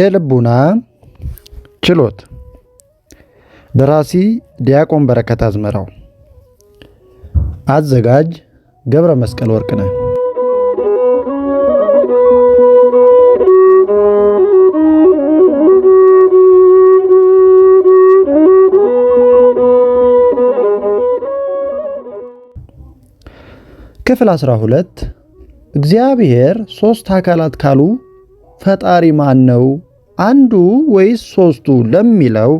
የልቡና ችሎት ደራሲ ዲያቆን በረከት አዝመራው፣ አዘጋጅ ገብረ መስቀል ወርቅነህ። ክፍል 12 እግዚአብሔር ሶስት አካላት ካሉ ፈጣሪ ማን ነው? አንዱ ወይስ ሶስቱ ለሚለው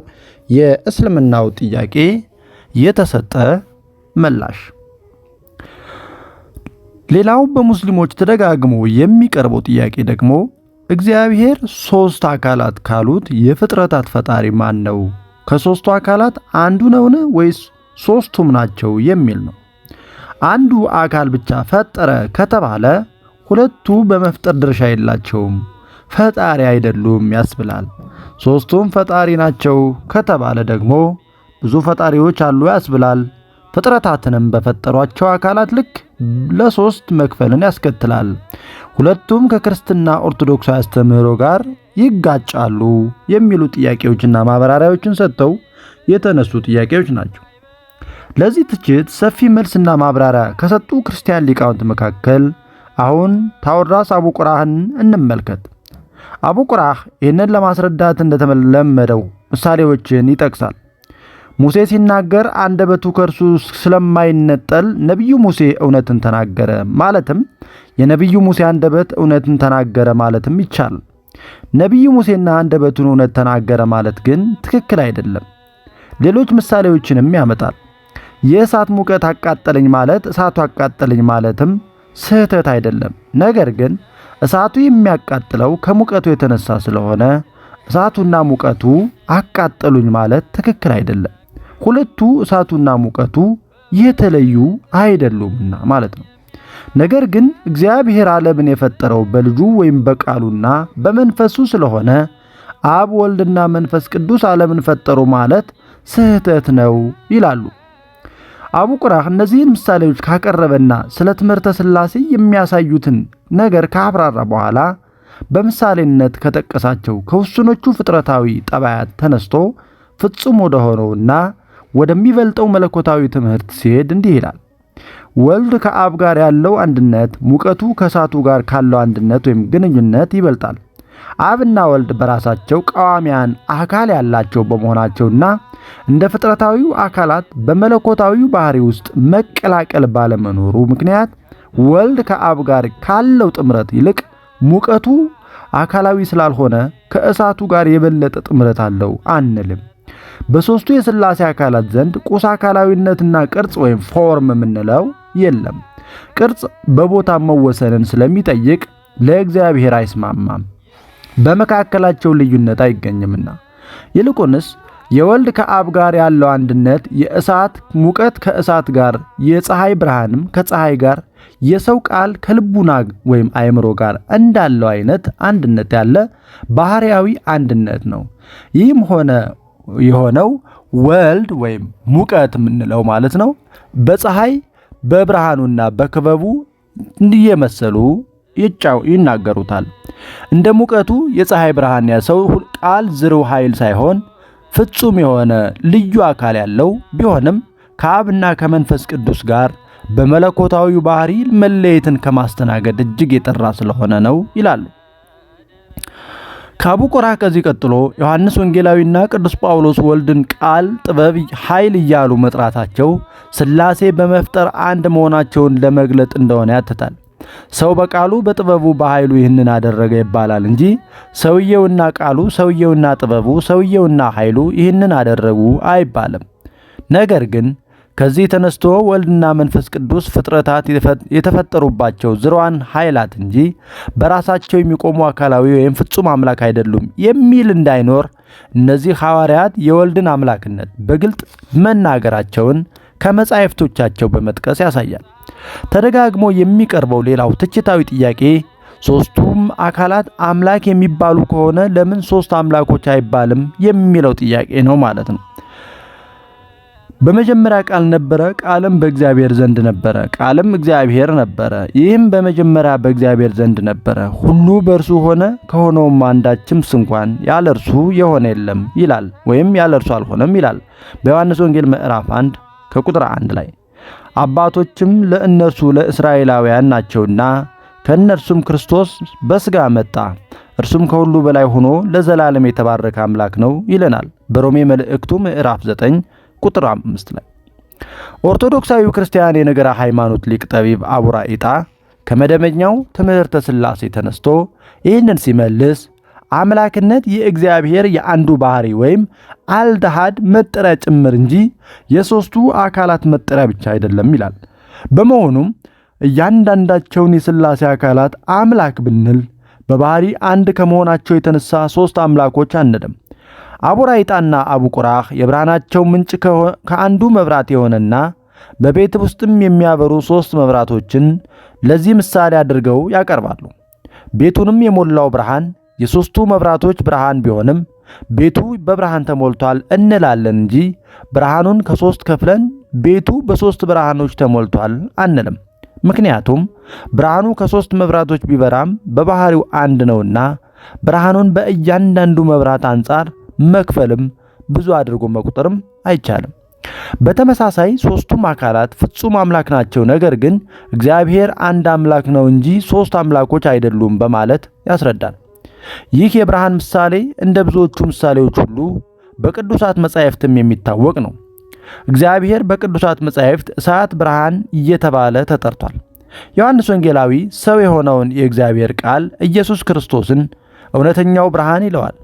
የእስልምናው ጥያቄ የተሰጠ ምላሽ። ሌላው በሙስሊሞች ተደጋግሞ የሚቀርበው ጥያቄ ደግሞ እግዚአብሔር ሶስት አካላት ካሉት የፍጥረታት ፈጣሪ ማን ነው? ከሶስቱ አካላት አንዱ ነውን ወይስ ሶስቱም ናቸው የሚል ነው። አንዱ አካል ብቻ ፈጠረ ከተባለ ሁለቱ በመፍጠር ድርሻ የላቸውም። ፈጣሪ አይደሉም ያስብላል። ሦስቱም ፈጣሪ ናቸው ከተባለ ደግሞ ብዙ ፈጣሪዎች አሉ ያስብላል። ፍጥረታትንም በፈጠሯቸው አካላት ልክ ለሶስት መክፈልን ያስከትላል። ሁለቱም ከክርስትና ኦርቶዶክሳዊ አስተምህሮ ጋር ይጋጫሉ የሚሉ ጥያቄዎችና ማብራሪያዎችን ሰጥተው የተነሱ ጥያቄዎች ናቸው። ለዚህ ትችት ሰፊ መልስና ማብራሪያ ከሰጡ ክርስቲያን ሊቃውንት መካከል አሁን ታወድራስ አቡቁራህን እንመልከት። አቡ ቁራህ ይህንን ለማስረዳት እንደተለመደው ምሳሌዎችን ይጠቅሳል። ሙሴ ሲናገር አንደበቱ ከእርሱ ስለማይነጠል ነቢዩ ሙሴ እውነትን ተናገረ ማለትም የነቢዩ ሙሴ አንደበት እውነትን ተናገረ ማለትም ይቻላል። ነቢዩ ሙሴና አንደበቱን እውነት ተናገረ ማለት ግን ትክክል አይደለም። ሌሎች ምሳሌዎችንም ያመጣል። የእሳት ሙቀት አቃጠለኝ ማለት እሳቱ አቃጠለኝ ማለትም ስህተት አይደለም። ነገር ግን እሳቱ የሚያቃጥለው ከሙቀቱ የተነሳ ስለሆነ እሳቱና ሙቀቱ አቃጠሉኝ ማለት ትክክል አይደለም። ሁለቱ እሳቱና ሙቀቱ የተለዩ አይደሉምና ማለት ነው። ነገር ግን እግዚአብሔር ዓለምን የፈጠረው በልጁ ወይም በቃሉና በመንፈሱ ስለሆነ አብ ወልድና መንፈስ ቅዱስ ዓለምን ፈጠሩ ማለት ስህተት ነው ይላሉ። አቡ ቁራህ እነዚህን ምሳሌዎች ካቀረበና ስለ ትምህርተ ሥላሴ የሚያሳዩትን ነገር ካብራራ በኋላ በምሳሌነት ከጠቀሳቸው ከውስኖቹ ፍጥረታዊ ጠባያት ተነስቶ ፍጹም ሆነውና ወደሚበልጠው መለኮታዊ ትምህርት ሲሄድ እንዲህ ይላል። ወልድ ከአብ ጋር ያለው አንድነት ሙቀቱ ከእሳቱ ጋር ካለው አንድነት ወይም ግንኙነት ይበልጣል። አብና ወልድ በራሳቸው ቀዋሚያን አካል ያላቸው በመሆናቸውና እንደ ፍጥረታዊው አካላት በመለኮታዊው ባህሪ ውስጥ መቀላቀል ባለመኖሩ ምክንያት ወልድ ከአብ ጋር ካለው ጥምረት ይልቅ ሙቀቱ አካላዊ ስላልሆነ ከእሳቱ ጋር የበለጠ ጥምረት አለው አንልም። በሦስቱ የሥላሴ አካላት ዘንድ ቁስ አካላዊነትና ቅርጽ ወይም ፎርም የምንለው የለም። ቅርጽ በቦታ መወሰንን ስለሚጠይቅ ለእግዚአብሔር አይስማማም። በመካከላቸው ልዩነት አይገኝምና ይልቁንስ የወልድ ከአብ ጋር ያለው አንድነት የእሳት ሙቀት ከእሳት ጋር፣ የፀሐይ ብርሃንም ከፀሐይ ጋር፣ የሰው ቃል ከልቡና ወይም አእምሮ ጋር እንዳለው አይነት አንድነት ያለ ባህርያዊ አንድነት ነው። ይህም ሆነ የሆነው ወልድ ወይም ሙቀት የምንለው ማለት ነው በፀሐይ በብርሃኑና በክበቡ እንዲየመሰሉ ይጫው ይናገሩታል። እንደ ሙቀቱ የፀሐይ ብርሃን ያሰው ቃል ዝርው ኃይል ሳይሆን ፍጹም የሆነ ልዩ አካል ያለው ቢሆንም ከአብና ከመንፈስ ቅዱስ ጋር በመለኮታዊ ባህሪ መለየትን ከማስተናገድ እጅግ የጠራ ስለሆነ ነው ይላሉ። ከአቡ ቁራ ከዚህ ቀጥሎ ዮሐንስ ወንጌላዊና ቅዱስ ጳውሎስ ወልድን ቃል፣ ጥበብ፣ ኃይል እያሉ መጥራታቸው ስላሴ በመፍጠር አንድ መሆናቸውን ለመግለጥ እንደሆነ ያትታል። ሰው በቃሉ በጥበቡ በኃይሉ ይህንን አደረገ ይባላል እንጂ ሰውየውና ቃሉ፣ ሰውየውና ጥበቡ፣ ሰውየውና ኃይሉ ይህንን አደረጉ አይባልም። ነገር ግን ከዚህ ተነስቶ ወልድና መንፈስ ቅዱስ ፍጥረታት የተፈጠሩባቸው ዝሯን ኃይላት እንጂ በራሳቸው የሚቆሙ አካላዊ ወይም ፍጹም አምላክ አይደሉም የሚል እንዳይኖር እነዚህ ሐዋርያት የወልድን አምላክነት በግልጥ መናገራቸውን ከመጻሕፍቶቻቸው በመጥቀስ ያሳያል። ተደጋግሞ የሚቀርበው ሌላው ትችታዊ ጥያቄ ሶስቱም አካላት አምላክ የሚባሉ ከሆነ ለምን ሶስት አምላኮች አይባልም የሚለው ጥያቄ ነው ማለት ነው። በመጀመሪያ ቃል ነበረ፣ ቃልም በእግዚአብሔር ዘንድ ነበረ፣ ቃልም እግዚአብሔር ነበረ፣ ይህም በመጀመሪያ በእግዚአብሔር ዘንድ ነበረ። ሁሉ በእርሱ ሆነ፣ ከሆነውም አንዳችም ስንኳን ያለ እርሱ የሆነ የለም ይላል፣ ወይም ያለ እርሱ አልሆነም ይላል በዮሐንስ ወንጌል ምዕራፍ 1 ከቁጥር 1 ላይ አባቶችም ለእነርሱ ለእስራኤላውያን ናቸውና ከእነርሱም ክርስቶስ በሥጋ መጣ፣ እርሱም ከሁሉ በላይ ሆኖ ለዘላለም የተባረከ አምላክ ነው ይለናል በሮሜ መልእክቱ ምዕራፍ 9 ቁጥር 5 ላይ። ኦርቶዶክሳዊው ክርስቲያን የነገረ ሃይማኖት ሊቅ ጠቢብ አቡራ ኢጣ ከመደበኛው ትምህርተ ሥላሴ ተነስቶ ይህንን ሲመልስ አምላክነት የእግዚአብሔር የአንዱ ባህሪ ወይም አልድሃድ መጠሪያ ጭምር እንጂ የሦስቱ አካላት መጠሪያ ብቻ አይደለም ይላል። በመሆኑም እያንዳንዳቸውን የሥላሴ አካላት አምላክ ብንል በባህሪ አንድ ከመሆናቸው የተነሳ ሦስት አምላኮች አንልም። አቡራይጣና አቡቁራህ የብርሃናቸው ምንጭ ከአንዱ መብራት የሆነና በቤት ውስጥም የሚያበሩ ሦስት መብራቶችን ለዚህ ምሳሌ አድርገው ያቀርባሉ። ቤቱንም የሞላው ብርሃን የሦስቱ መብራቶች ብርሃን ቢሆንም ቤቱ በብርሃን ተሞልቷል እንላለን እንጂ ብርሃኑን ከሦስት ከፍለን ቤቱ በሦስት ብርሃኖች ተሞልቷል አንልም። ምክንያቱም ብርሃኑ ከሦስት መብራቶች ቢበራም በባሕሪው አንድ ነውና ብርሃኑን በእያንዳንዱ መብራት አንጻር መክፈልም ብዙ አድርጎ መቁጠርም አይቻልም። በተመሳሳይ ሦስቱም አካላት ፍጹም አምላክ ናቸው፣ ነገር ግን እግዚአብሔር አንድ አምላክ ነው እንጂ ሦስት አምላኮች አይደሉም በማለት ያስረዳል። ይህ የብርሃን ምሳሌ እንደ ብዙዎቹ ምሳሌዎች ሁሉ በቅዱሳት መጻሕፍትም የሚታወቅ ነው። እግዚአብሔር በቅዱሳት መጻሕፍት እሳት ብርሃን እየተባለ ተጠርቷል። ዮሐንስ ወንጌላዊ ሰው የሆነውን የእግዚአብሔር ቃል ኢየሱስ ክርስቶስን እውነተኛው ብርሃን ይለዋል።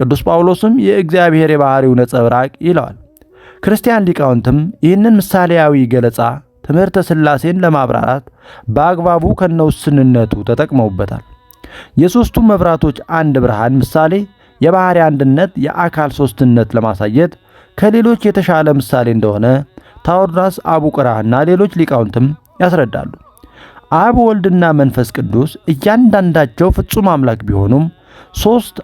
ቅዱስ ጳውሎስም የእግዚአብሔር የባሕሪው ነጸብራቅ ይለዋል። ክርስቲያን ሊቃውንትም ይህንን ምሳሌያዊ ገለጻ ትምህርተ ሥላሴን ለማብራራት በአግባቡ ከነውስንነቱ ተጠቅመውበታል። የሦስቱ መብራቶች አንድ ብርሃን ምሳሌ የባህሪ አንድነት የአካል ሦስትነት ለማሳየት ከሌሎች የተሻለ ምሳሌ እንደሆነ ታዎድራስ አቡቅራህና ሌሎች ሊቃውንትም ያስረዳሉ። አብ ወልድና መንፈስ ቅዱስ እያንዳንዳቸው ፍጹም አምላክ ቢሆኑም ሶስት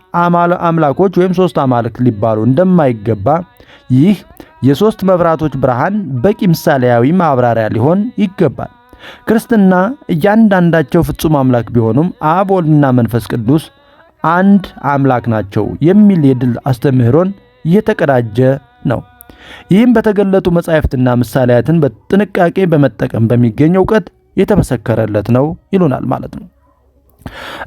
አምላኮች ወይም ሦስት አማልክት ሊባሉ እንደማይገባ ይህ የሶስት መብራቶች ብርሃን በቂ ምሳሌያዊ ማብራሪያ ሊሆን ይገባል። ክርስትና እያንዳንዳቸው ፍጹም አምላክ ቢሆኑም አብ ወልድና መንፈስ ቅዱስ አንድ አምላክ ናቸው የሚል የድል አስተምህሮን እየተቀዳጀ ነው። ይህም በተገለጡ መጻሕፍትና ምሳሌያትን በጥንቃቄ በመጠቀም በሚገኝ እውቀት የተመሰከረለት ነው ይሉናል ማለት ነው።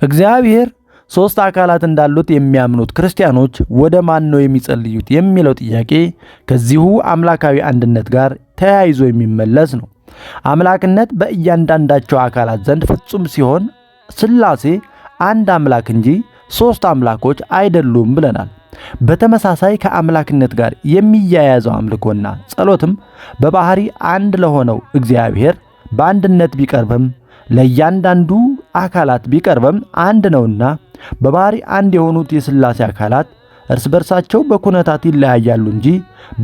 እግዚአብሔር ሦስት አካላት እንዳሉት የሚያምኑት ክርስቲያኖች ወደ ማን ነው የሚጸልዩት የሚለው ጥያቄ ከዚሁ አምላካዊ አንድነት ጋር ተያይዞ የሚመለስ ነው። አምላክነት በእያንዳንዳቸው አካላት ዘንድ ፍጹም ሲሆን ሥላሴ አንድ አምላክ እንጂ ሦስት አምላኮች አይደሉም ብለናል። በተመሳሳይ ከአምላክነት ጋር የሚያያዘው አምልኮና ጸሎትም በባህሪ አንድ ለሆነው እግዚአብሔር በአንድነት ቢቀርብም ለእያንዳንዱ አካላት ቢቀርብም አንድ ነውና በባህሪ አንድ የሆኑት የሥላሴ አካላት እርስ በርሳቸው በኩነታት ይለያያሉ እንጂ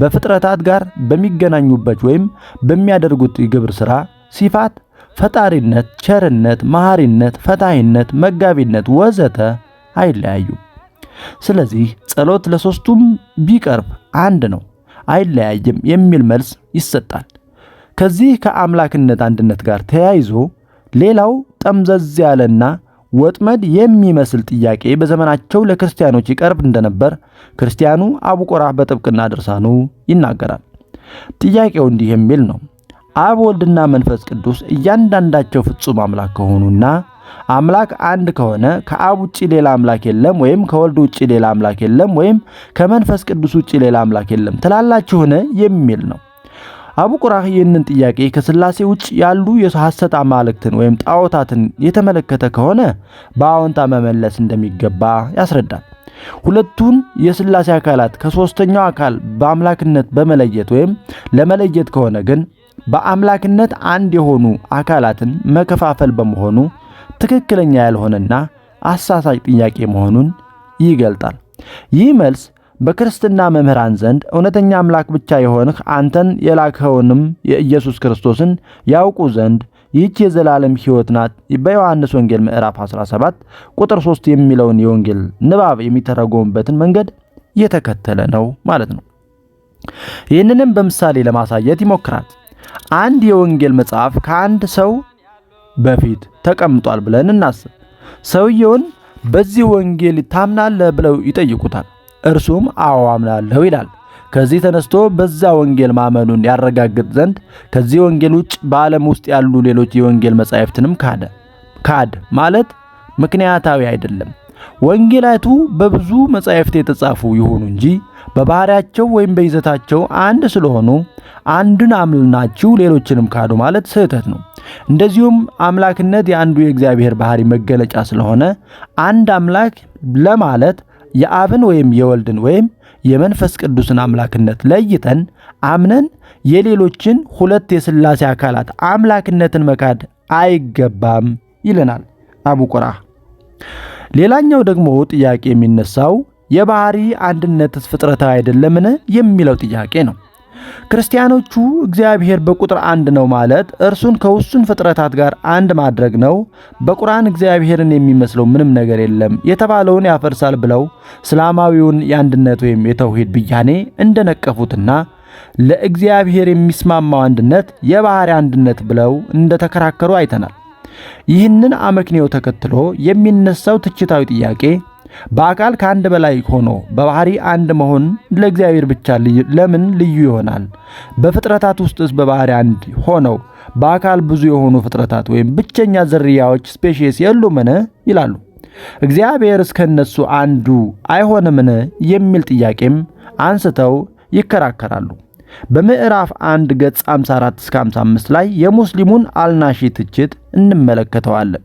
በፍጥረታት ጋር በሚገናኙበት ወይም በሚያደርጉት የግብር ሥራ ሲፋት ፈጣሪነት፣ ቸርነት፣ መሐሪነት፣ ፈታሂነት፣ መጋቢነት ወዘተ አይለያዩም። ስለዚህ ጸሎት ለሦስቱም ቢቀርብ አንድ ነው፣ አይለያይም የሚል መልስ ይሰጣል። ከዚህ ከአምላክነት አንድነት ጋር ተያይዞ ሌላው ጠምዘዝ ያለና ወጥመድ የሚመስል ጥያቄ በዘመናቸው ለክርስቲያኖች ይቀርብ እንደነበር ክርስቲያኑ አቡቆራ በጥብቅና ድርሳኑ ይናገራል። ጥያቄው እንዲህ የሚል ነው። አብ ወልድና መንፈስ ቅዱስ እያንዳንዳቸው ፍጹም አምላክ ከሆኑና አምላክ አንድ ከሆነ ከአብ ውጭ ሌላ አምላክ የለም ወይም ከወልድ ውጭ ሌላ አምላክ የለም ወይም ከመንፈስ ቅዱስ ውጭ ሌላ አምላክ የለም ትላላችሁን? የሚል ነው። ቁራህ ይህንን ጥያቄ ከስላሴ ውጭ ያሉ የሐሰት አማልክትን ወይም ጣዖታትን የተመለከተ ከሆነ በአዎንታ መመለስ እንደሚገባ ያስረዳል። ሁለቱን የስላሴ አካላት ከሶስተኛው አካል በአምላክነት በመለየት ወይም ለመለየት ከሆነ ግን በአምላክነት አንድ የሆኑ አካላትን መከፋፈል በመሆኑ ትክክለኛ ያልሆነና አሳሳች ጥያቄ መሆኑን ይገልጣል። ይህ መልስ በክርስትና መምህራን ዘንድ እውነተኛ አምላክ ብቻ የሆንህ አንተን የላክኸውንም የኢየሱስ ክርስቶስን ያውቁ ዘንድ ይህች የዘላለም ሕይወት ናት። በዮሐንስ ወንጌል ምዕራፍ 17 ቁጥር 3 የሚለውን የወንጌል ንባብ የሚተረጎምበትን መንገድ የተከተለ ነው ማለት ነው። ይህንንም በምሳሌ ለማሳየት ይሞክራል። አንድ የወንጌል መጽሐፍ ከአንድ ሰው በፊት ተቀምጧል ብለን እናስብ። ሰውየውን በዚህ ወንጌል ታምናለህ ብለው ይጠይቁታል። እርሱም አዎ አምናለሁ ይላል። ከዚህ ተነስቶ በዛ ወንጌል ማመኑን ያረጋግጥ ዘንድ ከዚህ ወንጌል ውጭ በዓለም ውስጥ ያሉ ሌሎች የወንጌል መጻሕፍትንም ካደ። ካድ ማለት ምክንያታዊ አይደለም። ወንጌላቱ በብዙ መጻሕፍት የተጻፉ ይሆኑ እንጂ በባህሪያቸው ወይም በይዘታቸው አንድ ስለሆኑ አንድን አምልናችሁ ሌሎችንም ካዱ ማለት ስህተት ነው። እንደዚሁም አምላክነት የአንዱ የእግዚአብሔር ባህሪ መገለጫ ስለሆነ አንድ አምላክ ለማለት የአብን ወይም የወልድን ወይም የመንፈስ ቅዱስን አምላክነት ለይተን አምነን የሌሎችን ሁለት የሥላሴ አካላት አምላክነትን መካድ አይገባም ይለናል አቡ ሌላኛው ደግሞ ጥያቄ የሚነሳው የባህሪ አንድነትስ ፍጥረታዊ አይደለምን የሚለው ጥያቄ ነው። ክርስቲያኖቹ እግዚአብሔር በቁጥር አንድ ነው ማለት እርሱን ከውሱን ፍጥረታት ጋር አንድ ማድረግ ነው። በቁርአን እግዚአብሔርን የሚመስለው ምንም ነገር የለም የተባለውን ያፈርሳል ብለው እስላማዊውን የአንድነት ወይም የተውሂድ ብያኔ እንደነቀፉትና ለእግዚአብሔር የሚስማማው አንድነት የባሕሪ አንድነት ብለው እንደተከራከሩ አይተናል። ይህንን አመክንዮ ተከትሎ የሚነሳው ትችታዊ ጥያቄ በአካል ከአንድ በላይ ሆኖ በባህሪ አንድ መሆን ለእግዚአብሔር ብቻ ለምን ልዩ ይሆናል? በፍጥረታት ውስጥስ በባህሪ አንድ ሆነው በአካል ብዙ የሆኑ ፍጥረታት ወይም ብቸኛ ዝርያዎች ስፔሺስ የሉምን? ይላሉ። እግዚአብሔር እስከነሱ አንዱ አይሆንምን? የሚል ጥያቄም አንስተው ይከራከራሉ። በምዕራፍ 1 ገጽ 54 እስከ 55 ላይ የሙስሊሙን አልናሺ ትችት እንመለከተዋለን።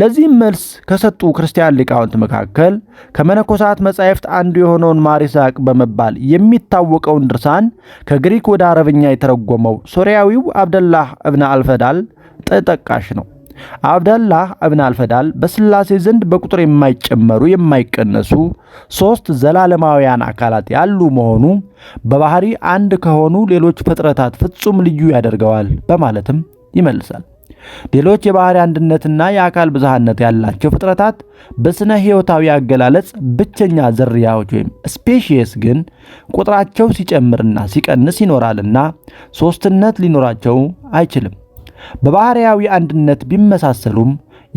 ለዚህም መልስ ከሰጡ ክርስቲያን ሊቃውንት መካከል ከመነኮሳት መጻሕፍት አንዱ የሆነውን ማሪሳቅ በመባል የሚታወቀውን ድርሳን ከግሪክ ወደ አረብኛ የተረጎመው ሶርያዊው አብደላህ እብነ አልፈዳል ተጠቃሽ ነው። አብደላህ እብነ አልፈዳል በስላሴ ዘንድ በቁጥር የማይጨመሩ የማይቀነሱ ሦስት ዘላለማውያን አካላት ያሉ መሆኑ በባሕሪ አንድ ከሆኑ ሌሎች ፍጥረታት ፍጹም ልዩ ያደርገዋል በማለትም ይመልሳል። ሌሎች የባህሪ አንድነትና የአካል ብዝሃነት ያላቸው ፍጥረታት በስነ ሕይወታዊ አገላለጽ ብቸኛ ዝርያዎች ወይም ስፔሺየስ ግን ቁጥራቸው ሲጨምርና ሲቀንስ ይኖራልና ሦስትነት ሊኖራቸው አይችልም። በባሕርያዊ አንድነት ቢመሳሰሉም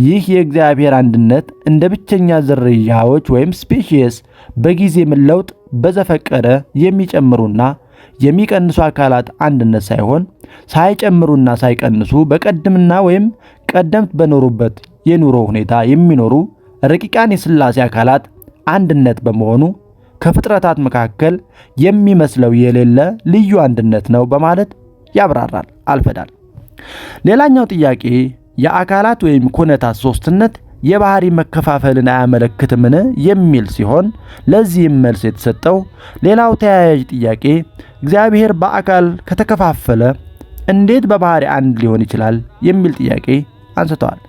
ይህ የእግዚአብሔር አንድነት እንደ ብቸኛ ዝርያዎች ወይም ስፔሺየስ በጊዜ መለውጥ በዘፈቀደ የሚጨምሩና የሚቀንሱ አካላት አንድነት ሳይሆን ሳይጨምሩና ሳይቀንሱ በቀድምና ወይም ቀደምት በኖሩበት የኑሮ ሁኔታ የሚኖሩ ረቂቃን የሥላሴ አካላት አንድነት በመሆኑ ከፍጥረታት መካከል የሚመስለው የሌለ ልዩ አንድነት ነው በማለት ያብራራል አልፈዳል። ሌላኛው ጥያቄ የአካላት ወይም ኩነታት ሶስትነት የባህሪ መከፋፈልን አያመለክትምን የሚል ሲሆን ለዚህም መልስ የተሰጠው ሌላው ተያያዥ ጥያቄ እግዚአብሔር በአካል ከተከፋፈለ እንዴት በባህሪ አንድ ሊሆን ይችላል የሚል ጥያቄ አንስተዋል።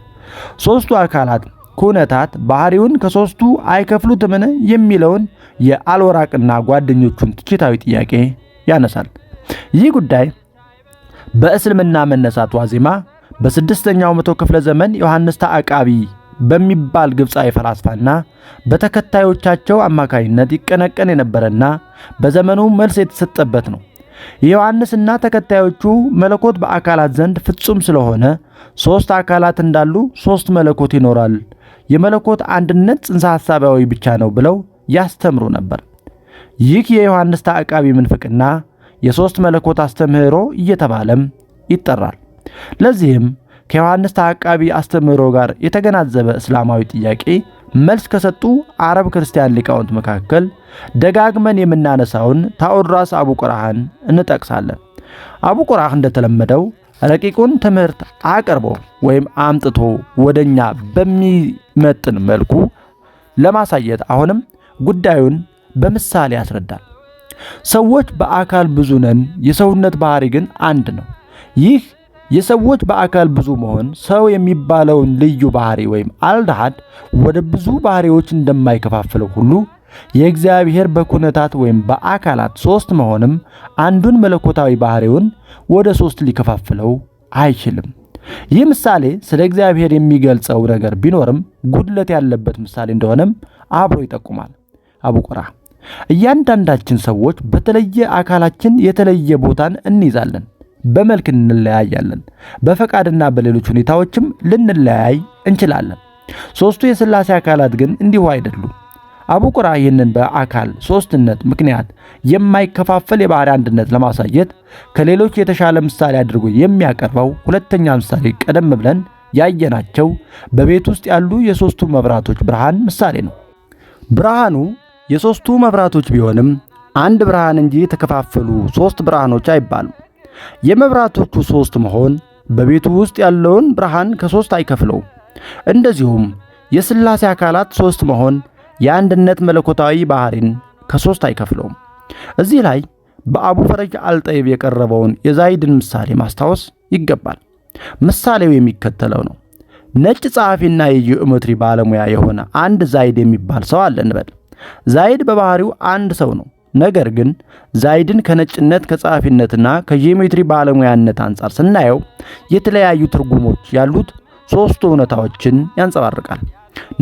ሶስቱ አካላት ኩነታት ባህሪውን ከሦስቱ አይከፍሉትምን የሚለውን የአልወራቅና ጓደኞቹን ትችታዊ ጥያቄ ያነሳል። ይህ ጉዳይ በእስልምና መነሳት ዋዜማ በስድስተኛው መቶ ክፍለ ዘመን ዮሐንስ ተአቃቢ በሚባል ግብፃዊ ፈላስፋና በተከታዮቻቸው አማካኝነት ይቀነቀን የነበረና በዘመኑ መልስ የተሰጠበት ነው። የዮሐንስና ተከታዮቹ መለኮት በአካላት ዘንድ ፍጹም ስለሆነ ሦስት አካላት እንዳሉ ሦስት መለኮት ይኖራል፣ የመለኮት አንድነት ጽንሰ ሐሳባዊ ብቻ ነው ብለው ያስተምሩ ነበር። ይህ የዮሐንስ ተአቃቢ ምንፍቅና የሦስት መለኮት አስተምህሮ እየተባለም ይጠራል። ለዚህም ከዮሐንስ ተአቃቢ አስተምህሮ ጋር የተገናዘበ እስላማዊ ጥያቄ መልስ ከሰጡ አረብ ክርስቲያን ሊቃውንት መካከል ደጋግመን የምናነሳውን ታኦድራስ አቡ ቁርአን እንጠቅሳለን። አቡ ቁርአን እንደተለመደው ረቂቁን ትምህርት አቅርቦ ወይም አምጥቶ ወደኛ በሚመጥን መልኩ ለማሳየት አሁንም ጉዳዩን በምሳሌ ያስረዳል። ሰዎች በአካል ብዙ ነን፣ የሰውነት ባህሪ ግን አንድ ነው። ይህ የሰዎች በአካል ብዙ መሆን ሰው የሚባለውን ልዩ ባህሪ ወይም አልዳሃድ ወደ ብዙ ባህሪዎች እንደማይከፋፍለው ሁሉ የእግዚአብሔር በኩነታት ወይም በአካላት ሶስት መሆንም አንዱን መለኮታዊ ባህሪውን ወደ ሶስት ሊከፋፍለው አይችልም። ይህ ምሳሌ ስለ እግዚአብሔር የሚገልጸው ነገር ቢኖርም ጉድለት ያለበት ምሳሌ እንደሆነም አብሮ ይጠቁማል። አቡቁራ እያንዳንዳችን ሰዎች በተለየ አካላችን የተለየ ቦታን እንይዛለን። በመልክ እንለያያለን፣ በፈቃድና በሌሎች ሁኔታዎችም ልንለያይ እንችላለን። ሦስቱ የሥላሴ አካላት ግን እንዲሁ አይደሉም። አቡቁራ ይህንን በአካል ሦስትነት ምክንያት የማይከፋፈል የባሕሪ አንድነት ለማሳየት ከሌሎች የተሻለ ምሳሌ አድርጎ የሚያቀርበው ሁለተኛ ምሳሌ ቀደም ብለን ያየናቸው በቤት ውስጥ ያሉ የሦስቱ መብራቶች ብርሃን ምሳሌ ነው። ብርሃኑ የሦስቱ መብራቶች ቢሆንም አንድ ብርሃን እንጂ የተከፋፈሉ ሦስት ብርሃኖች አይባሉም። የመብራቶቹ ሶስት መሆን በቤቱ ውስጥ ያለውን ብርሃን ከሶስት አይከፍለው። እንደዚሁም የሥላሴ አካላት ሶስት መሆን የአንድነት መለኮታዊ ባህሪን ከሶስት አይከፍለውም። እዚህ ላይ በአቡ ፈረጅ አልጠይብ የቀረበውን የዛይድን ምሳሌ ማስታወስ ይገባል። ምሳሌው የሚከተለው ነው። ነጭ ጸሐፊና የጂኦሜትሪ ባለሙያ የሆነ አንድ ዛይድ የሚባል ሰው አለ እንበል። ዛይድ በባህሪው አንድ ሰው ነው። ነገር ግን ዛይድን ከነጭነት ከጸሐፊነትና ከጂኦሜትሪ ባለሙያነት አንጻር ስናየው የተለያዩ ትርጉሞች ያሉት ሶስት እውነታዎችን ያንጸባርቃል።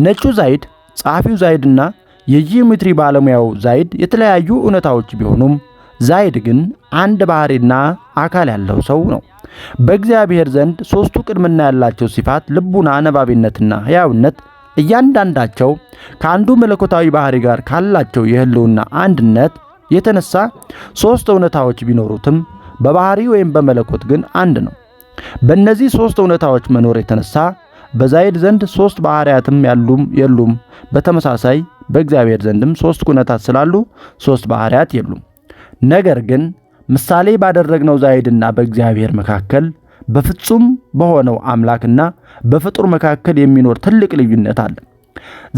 ነጩ ዛይድ፣ ጸሐፊው ዛይድና የጂኦሜትሪ ባለሙያው ዛይድ የተለያዩ እውነታዎች ቢሆኑም ዛይድ ግን አንድ ባህሪና አካል ያለው ሰው ነው። በእግዚአብሔር ዘንድ ሶስቱ ቅድምና ያላቸው ሲፋት ልቡና፣ ነባቢነትና ሕያውነት እያንዳንዳቸው ከአንዱ መለኮታዊ ባህሪ ጋር ካላቸው የህልውና አንድነት የተነሳ ሦስት እውነታዎች ቢኖሩትም በባህሪ ወይም በመለኮት ግን አንድ ነው። በእነዚህ ሦስት እውነታዎች መኖር የተነሳ በዛይድ ዘንድ ሦስት ባህሪያትም ያሉም የሉም። በተመሳሳይ በእግዚአብሔር ዘንድም ሦስት ኩነታት ስላሉ ሦስት ባህሪያት የሉም። ነገር ግን ምሳሌ ባደረግነው ዛይድና በእግዚአብሔር መካከል በፍጹም በሆነው አምላክና በፍጡር መካከል የሚኖር ትልቅ ልዩነት አለ።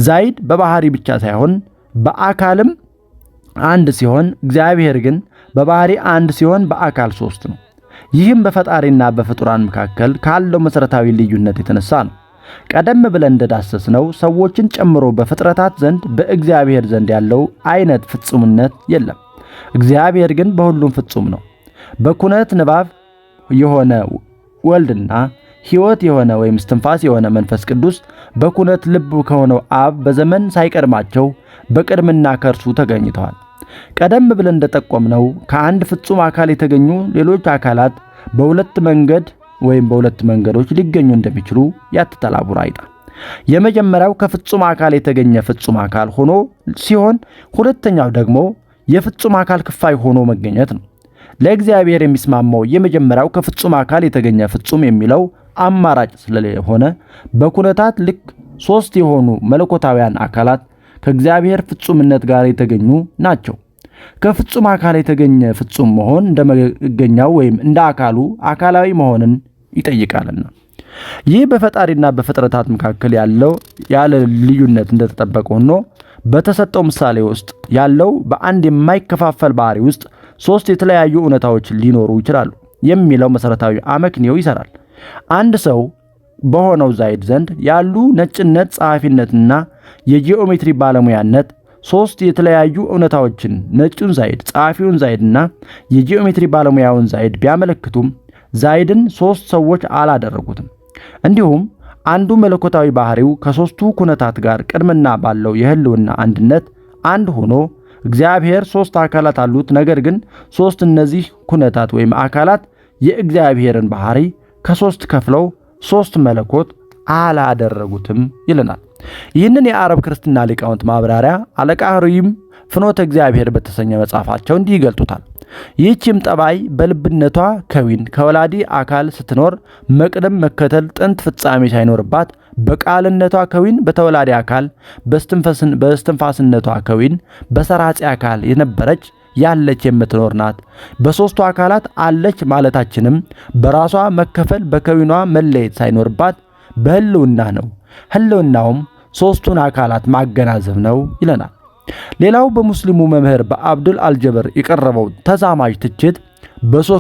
ዛይድ በባህሪ ብቻ ሳይሆን በአካልም አንድ ሲሆን፣ እግዚአብሔር ግን በባህሪ አንድ ሲሆን በአካል ሶስት ነው። ይህም በፈጣሪና በፍጡራን መካከል ካለው መሠረታዊ ልዩነት የተነሳ ነው። ቀደም ብለን እንደዳሰስነው ሰዎችን ጨምሮ በፍጥረታት ዘንድ በእግዚአብሔር ዘንድ ያለው አይነት ፍጹምነት የለም። እግዚአብሔር ግን በሁሉም ፍጹም ነው። በኩነት ንባብ የሆነ ወልድና ሕይወት የሆነ ወይም እስትንፋስ የሆነ መንፈስ ቅዱስ በኩነት ልብ ከሆነው አብ በዘመን ሳይቀድማቸው በቅድምና ከእርሱ ተገኝተዋል። ቀደም ብለን እንደጠቆምነው ከአንድ ፍጹም አካል የተገኙ ሌሎች አካላት በሁለት መንገድ ወይም በሁለት መንገዶች ሊገኙ እንደሚችሉ ያትታል አይጣ። የመጀመሪያው ከፍጹም አካል የተገኘ ፍጹም አካል ሆኖ ሲሆን፣ ሁለተኛው ደግሞ የፍጹም አካል ክፋይ ሆኖ መገኘት ነው። ለእግዚአብሔር የሚስማማው የመጀመሪያው ከፍጹም አካል የተገኘ ፍጹም የሚለው አማራጭ ስለሆነ በኩነታት ልክ ሶስት የሆኑ መለኮታውያን አካላት ከእግዚአብሔር ፍጹምነት ጋር የተገኙ ናቸው። ከፍጹም አካል የተገኘ ፍጹም መሆን እንደ መገኛው ወይም እንደ አካሉ አካላዊ መሆንን ይጠይቃልና ይህ በፈጣሪና በፍጥረታት መካከል ያለው ያለ ልዩነት እንደተጠበቀ ሆኖ በተሰጠው ምሳሌ ውስጥ ያለው በአንድ የማይከፋፈል ባህሪ ውስጥ ሶስት የተለያዩ እውነታዎች ሊኖሩ ይችላሉ የሚለው መሰረታዊ አመክንዮ ይሰራል። አንድ ሰው በሆነው ዛይድ ዘንድ ያሉ ነጭነት፣ ጸሐፊነትና የጂኦሜትሪ ባለሙያነት ሶስት የተለያዩ እውነታዎችን ነጩን ዛይድ፣ ጸሐፊውን ዛይድና የጂኦሜትሪ ባለሙያውን ዛይድ ቢያመለክቱም ዛይድን ሶስት ሰዎች አላደረጉትም። እንዲሁም አንዱ መለኮታዊ ባህሪው ከሶስቱ ኩነታት ጋር ቅድምና ባለው የህልውና አንድነት አንድ ሆኖ እግዚአብሔር ሶስት አካላት አሉት። ነገር ግን ሶስት እነዚህ ኩነታት ወይም አካላት የእግዚአብሔርን ባህሪ ከሶስት ከፍለው ሶስት መለኮት አላደረጉትም ይለናል። ይህንን የአረብ ክርስትና ሊቃውንት ማብራሪያ አለቃ ርዩም ፍኖተ እግዚአብሔር በተሰኘ መጽሐፋቸው እንዲህ ይገልጡታል። ይህችም ጠባይ በልብነቷ ከዊን ከወላዲ አካል ስትኖር መቅደም መከተል ጥንት ፍጻሜ ሳይኖርባት በቃልነቷ ከዊን በተወላዲ አካል በስትንፋስነቷ ከዊን በሰራጺ አካል የነበረች ያለች የምትኖር ናት። በሦስቱ አካላት አለች ማለታችንም በራሷ መከፈል በከዊኗ መለየት ሳይኖርባት በህልውና ነው። ህልውናውም ሦስቱን አካላት ማገናዘብ ነው ይለናል። ሌላው በሙስሊሙ መምህር በአብዱል አልጀበር የቀረበው ተዛማጅ ትችት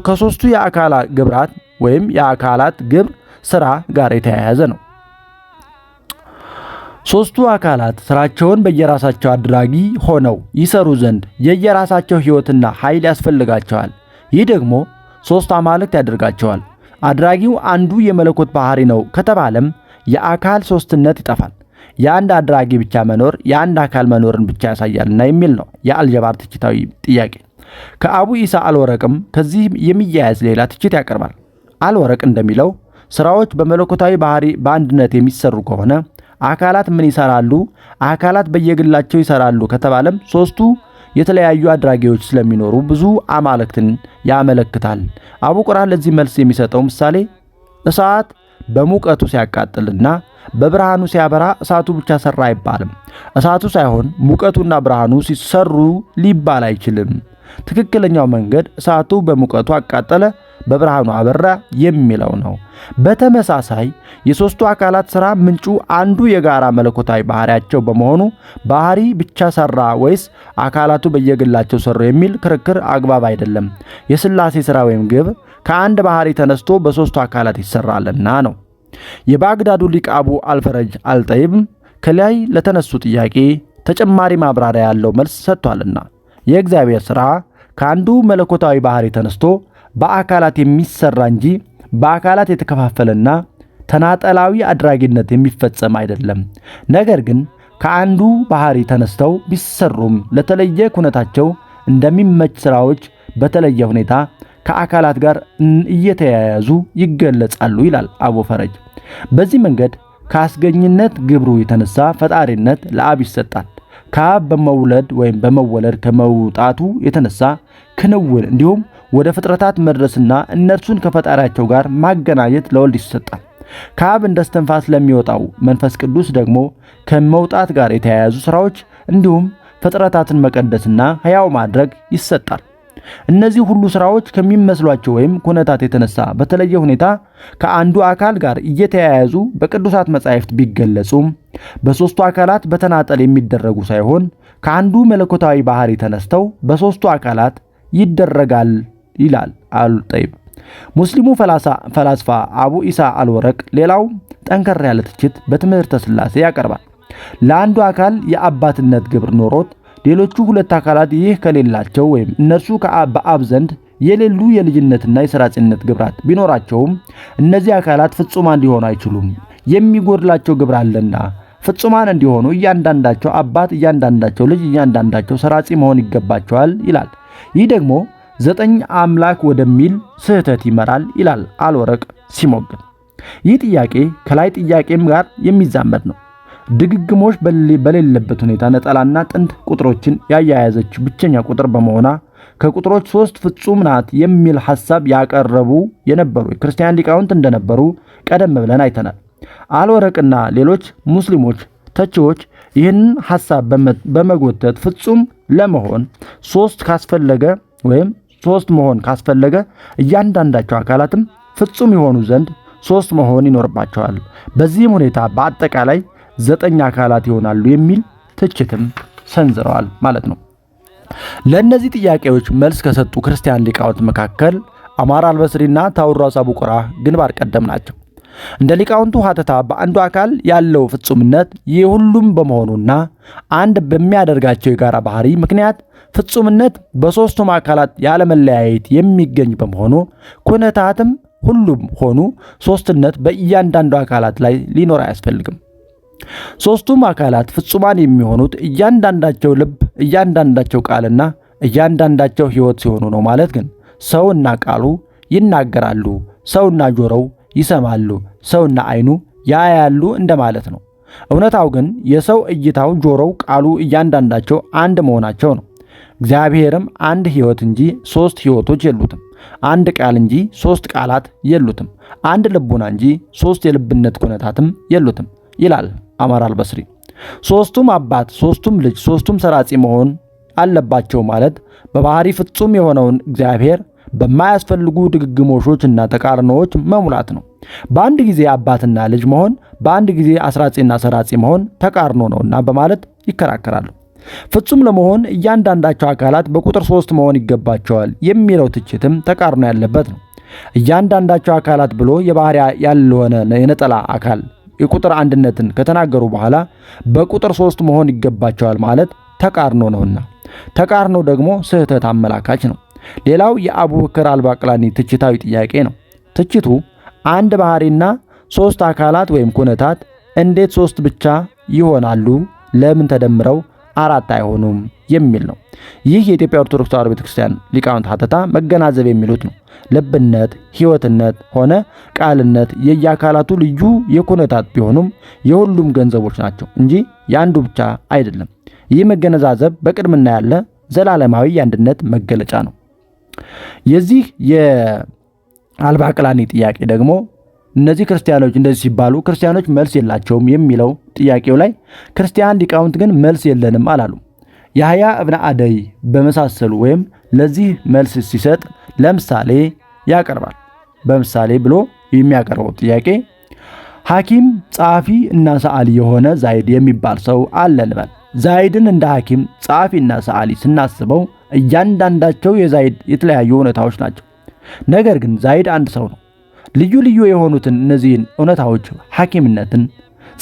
ከሦስቱ የአካላት ግብራት ወይም የአካላት ግብር ሥራ ጋር የተያያዘ ነው። ሦስቱ አካላት ስራቸውን በየራሳቸው አድራጊ ሆነው ይሰሩ ዘንድ የየራሳቸው ሕይወትና ኃይል ያስፈልጋቸዋል። ይህ ደግሞ ሦስት አማልክት ያደርጋቸዋል። አድራጊው አንዱ የመለኮት ባሕሪ ነው ከተባለም የአካል ሦስትነት ይጠፋል። የአንድ አድራጊ ብቻ መኖር የአንድ አካል መኖርን ብቻ ያሳያልና የሚል ነው የአልጀባር ትችታዊ ጥያቄ። ከአቡ ኢሳ አልወረቅም ከዚህ የሚያያዝ ሌላ ትችት ያቀርባል። አልወረቅ እንደሚለው ስራዎች በመለኮታዊ ባሕሪ በአንድነት የሚሰሩ ከሆነ አካላት ምን ይሰራሉ? አካላት በየግላቸው ይሰራሉ ከተባለም ሶስቱ የተለያዩ አድራጊዎች ስለሚኖሩ ብዙ አማልክትን ያመለክታል። አቡ ቁርአን ለዚህ መልስ የሚሰጠው ምሳሌ እሳት በሙቀቱ ሲያቃጥልና በብርሃኑ ሲያበራ እሳቱ ብቻ ሰራ አይባልም። እሳቱ ሳይሆን ሙቀቱና ብርሃኑ ሲሰሩ ሊባል አይችልም። ትክክለኛው መንገድ እሳቱ በሙቀቱ አቃጠለ በብርሃኑ አበራ የሚለው ነው። በተመሳሳይ የሦስቱ አካላት ሥራ ምንጩ አንዱ የጋራ መለኮታዊ ባህሪያቸው በመሆኑ ባህሪ ብቻ ሠራ ወይስ አካላቱ በየግላቸው ሠሩ የሚል ክርክር አግባብ አይደለም። የሥላሴ ሥራ ወይም ግብ ከአንድ ባህሪ ተነስቶ በሦስቱ አካላት ይሠራልና ነው። የባግዳዱ ሊቅ አቡ አልፈረጅ አልጠይብ ከላይ ለተነሱ ጥያቄ ተጨማሪ ማብራሪያ ያለው መልስ ሰጥቷልና የእግዚአብሔር ሥራ ከአንዱ መለኮታዊ ባህሪ ተነስቶ በአካላት የሚሰራ እንጂ በአካላት የተከፋፈለና ተናጠላዊ አድራጊነት የሚፈጸም አይደለም። ነገር ግን ከአንዱ ባህሪ ተነስተው ቢሰሩም ለተለየ ኩነታቸው እንደሚመች ስራዎች በተለየ ሁኔታ ከአካላት ጋር እየተያያዙ ይገለጻሉ ይላል አቦ ፈረጅ። በዚህ መንገድ ከአስገኝነት ግብሩ የተነሳ ፈጣሪነት ለአብ ይሰጣል። ከአብ በመውለድ ወይም በመወለድ ከመውጣቱ የተነሳ ክንውን እንዲሁም ወደ ፍጥረታት መድረስና እነርሱን ከፈጣሪያቸው ጋር ማገናኘት ለወልድ ይሰጣል። ከአብ እንደ እስትንፋስ ለሚወጣው መንፈስ ቅዱስ ደግሞ ከመውጣት ጋር የተያያዙ ሥራዎች እንዲሁም ፍጥረታትን መቀደስና ሕያው ማድረግ ይሰጣል። እነዚህ ሁሉ ሥራዎች ከሚመስሏቸው ወይም ኩነታት የተነሳ በተለየ ሁኔታ ከአንዱ አካል ጋር እየተያያዙ በቅዱሳት መጻሕፍት ቢገለጹም በሦስቱ አካላት በተናጠል የሚደረጉ ሳይሆን ከአንዱ መለኮታዊ ባሕሪ ተነስተው በሦስቱ አካላት ይደረጋል ይላል አልጠይብ። ሙስሊሙ ፈላስፋ አቡ ኢሳ አልወረቅ ሌላው ጠንከር ያለ ትችት በትምህርተ ስላሴ ያቀርባል። ለአንዱ አካል የአባትነት ግብር ኖሮት ሌሎቹ ሁለት አካላት ይህ ከሌላቸው ወይም እነርሱ በአብ ዘንድ የሌሉ የልጅነትና የሰራጭነት ግብራት ቢኖራቸውም እነዚህ አካላት ፍጹማን ሊሆኑ አይችሉም፣ የሚጎድላቸው ግብር አለና ፍጹማን እንዲሆኑ እያንዳንዳቸው አባት፣ እያንዳንዳቸው ልጅ፣ እያንዳንዳቸው ሰራጺ መሆን ይገባቸዋል ይላል። ይህ ደግሞ ዘጠኝ አምላክ ወደሚል ስህተት ይመራል ይላል አልወረቅ ሲሞግን። ይህ ጥያቄ ከላይ ጥያቄም ጋር የሚዛመድ ነው። ድግግሞች በሌለበት ሁኔታ ነጠላና ጥንድ ቁጥሮችን ያያያዘች ብቸኛ ቁጥር በመሆኗ ከቁጥሮች ሶስት ፍጹም ናት የሚል ሐሳብ ያቀረቡ የነበሩ የክርስቲያን ሊቃውንት እንደነበሩ ቀደም ብለን አይተናል። አልወረቅና ሌሎች ሙስሊሞች ተቺዎች ይህንን ሐሳብ በመጎተት ፍጹም ለመሆን ሶስት ካስፈለገ ወይም ሶስት መሆን ካስፈለገ እያንዳንዳቸው አካላትም ፍጹም የሆኑ ዘንድ ሶስት መሆን ይኖርባቸዋል። በዚህም ሁኔታ በአጠቃላይ ዘጠኝ አካላት ይሆናሉ የሚል ትችትም ሰንዝረዋል ማለት ነው። ለእነዚህ ጥያቄዎች መልስ ከሰጡ ክርስቲያን ሊቃውንት መካከል አማራ አልበስሪና ታውራስ አቡቁራ ግንባር ቀደም ናቸው። እንደ ሊቃውንቱ ሀተታ በአንዱ አካል ያለው ፍጹምነት የሁሉም በመሆኑና አንድ በሚያደርጋቸው የጋራ ባህሪ ምክንያት ፍጹምነት በሦስቱም አካላት ያለመለያየት የሚገኝ በመሆኑ ኩነታትም ሁሉም ሆኑ ሦስትነት በእያንዳንዱ አካላት ላይ ሊኖር አያስፈልግም። ሦስቱም አካላት ፍጹማን የሚሆኑት እያንዳንዳቸው ልብ፣ እያንዳንዳቸው ቃልና እያንዳንዳቸው ሕይወት ሲሆኑ ነው። ማለት ግን ሰውና ቃሉ ይናገራሉ፣ ሰውና ጆሮው ይሰማሉ፣ ሰውና ዓይኑ ያያሉ እንደማለት ነው። እውነታው ግን የሰው እይታው፣ ጆሮው፣ ቃሉ እያንዳንዳቸው አንድ መሆናቸው ነው። እግዚአብሔርም አንድ ሕይወት እንጂ ሦስት ሕይወቶች የሉትም። አንድ ቃል እንጂ ሦስት ቃላት የሉትም። አንድ ልቡና እንጂ ሦስት የልብነት ኩነታትም የሉትም ይላል አማራ አልበስሪ። ሦስቱም አባት፣ ሦስቱም ልጅ፣ ሦስቱም ሰራጺ መሆን አለባቸው ማለት በባህሪ ፍጹም የሆነውን እግዚአብሔር በማያስፈልጉ ድግግሞሾች እና ተቃርኖዎች መሙላት ነው። በአንድ ጊዜ አባትና ልጅ መሆን፣ በአንድ ጊዜ አስራጺና ሰራጺ መሆን ተቃርኖ ነውና በማለት ይከራከራሉ። ፍጹም ለመሆን እያንዳንዳቸው አካላት በቁጥር ሶስት መሆን ይገባቸዋል የሚለው ትችትም ተቃርኖ ያለበት ነው። እያንዳንዳቸው አካላት ብሎ የባህሪ ያልሆነ የነጠላ አካል የቁጥር አንድነትን ከተናገሩ በኋላ በቁጥር ሶስት መሆን ይገባቸዋል ማለት ተቃርኖ ነውና፣ ተቃርኖ ደግሞ ስህተት አመላካች ነው። ሌላው የአቡበክር አልባቅላኒ ትችታዊ ጥያቄ ነው። ትችቱ አንድ ባህሪና ሶስት አካላት ወይም ኩነታት እንዴት ሶስት ብቻ ይሆናሉ? ለምን ተደምረው አራት አይሆኑም የሚል ነው። ይህ የኢትዮጵያ ኦርቶዶክስ ተዋሕዶ ቤተክርስቲያን ሊቃውንት ሀተታ መገናዘብ የሚሉት ነው። ልብነት፣ ሕይወትነት ሆነ ቃልነት የየአካላቱ ልዩ የኩነታት ቢሆኑም የሁሉም ገንዘቦች ናቸው እንጂ የአንዱ ብቻ አይደለም። ይህ መገነዛዘብ በቅድምና ያለ ዘላለማዊ የአንድነት መገለጫ ነው። የዚህ የአልባ ቅላኔ ጥያቄ ደግሞ እነዚህ ክርስቲያኖች እንደዚህ ሲባሉ ክርስቲያኖች መልስ የላቸውም የሚለው ጥያቄው ላይ ክርስቲያን ሊቃውንት ግን መልስ የለንም አላሉ። ያህያ እብነ አደይ በመሳሰሉ ወይም ለዚህ መልስ ሲሰጥ ለምሳሌ ያቀርባል። በምሳሌ ብሎ የሚያቀርበው ጥያቄ ሐኪም፣ ጸሐፊ እና ሰዓሊ የሆነ ዛይድ የሚባል ሰው አለ እንበል። ዛይድን እንደ ሐኪም፣ እና ሰዓሊ ስናስበው እያንዳንዳቸው የዛይድ የተለያዩ እውነታዎች ናቸው። ነገር ግን ዛይድ አንድ ሰው ነው። ልዩ ልዩ የሆኑትን እነዚህን እውነታዎች ሐኪምነትን፣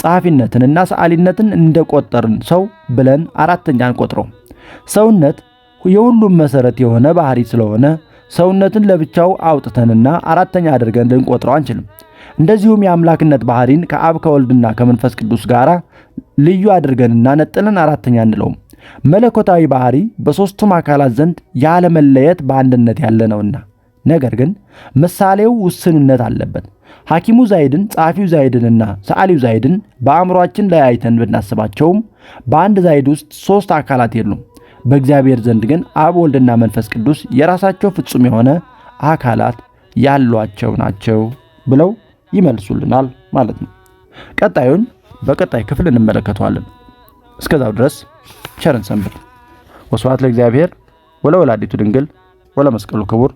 ጸሐፊነትን እና ሰዓሊነትን እንደቆጠርን ሰው ብለን አራተኛን አንቆጥረው። ሰውነት የሁሉም መሰረት የሆነ ባህሪ ስለሆነ ሰውነትን ለብቻው አውጥተንና አራተኛ አድርገን ልንቆጥረው አንችልም። እንደዚሁም የአምላክነት ባህሪን ከአብ ከወልድና ከመንፈስ ቅዱስ ጋር ልዩ አድርገንና ነጥለን አራተኛ እንለውም። መለኮታዊ ባህሪ በሦስቱም አካላት ዘንድ ያለመለየት በአንድነት ያለ ነውና ነገር ግን ምሳሌው ውስንነት አለበት። ሐኪሙ ዛይድን፣ ጸሐፊው ዛይድንና ሰዓሊው ዛይድን በአእምሯችን ላይ አይተን ብናስባቸውም በአንድ ዛይድ ውስጥ ሦስት አካላት የሉም። በእግዚአብሔር ዘንድ ግን አብ፣ ወልድና መንፈስ ቅዱስ የራሳቸው ፍጹም የሆነ አካላት ያሏቸው ናቸው ብለው ይመልሱልናል ማለት ነው። ቀጣዩን በቀጣይ ክፍል እንመለከተዋለን። እስከዛው ድረስ ቸርን ሰንብት። ወስብሐት ለእግዚአብሔር ወለወላዲቱ ድንግል ወለመስቀሉ ክቡር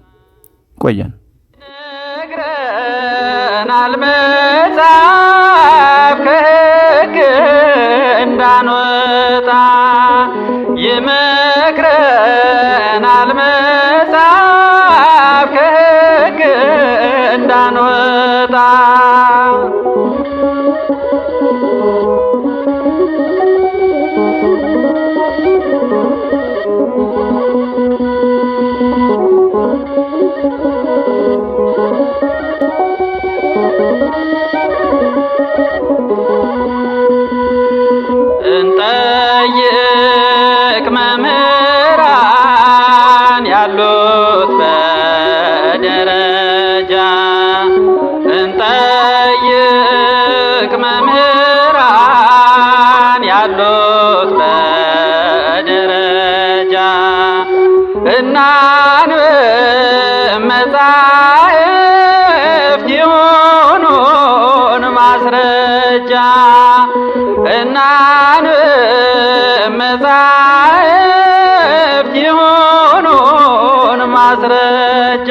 ቆየን ናልመጻፍ ከህግ እንዳንወጣ ይመክረናል እንዳንወጣ በደረጃ እናንብብ መጻሕፍት ይሁኑን ማስረጃ እናንብብ መጻሕፍት ይሁኑን ማስረጃ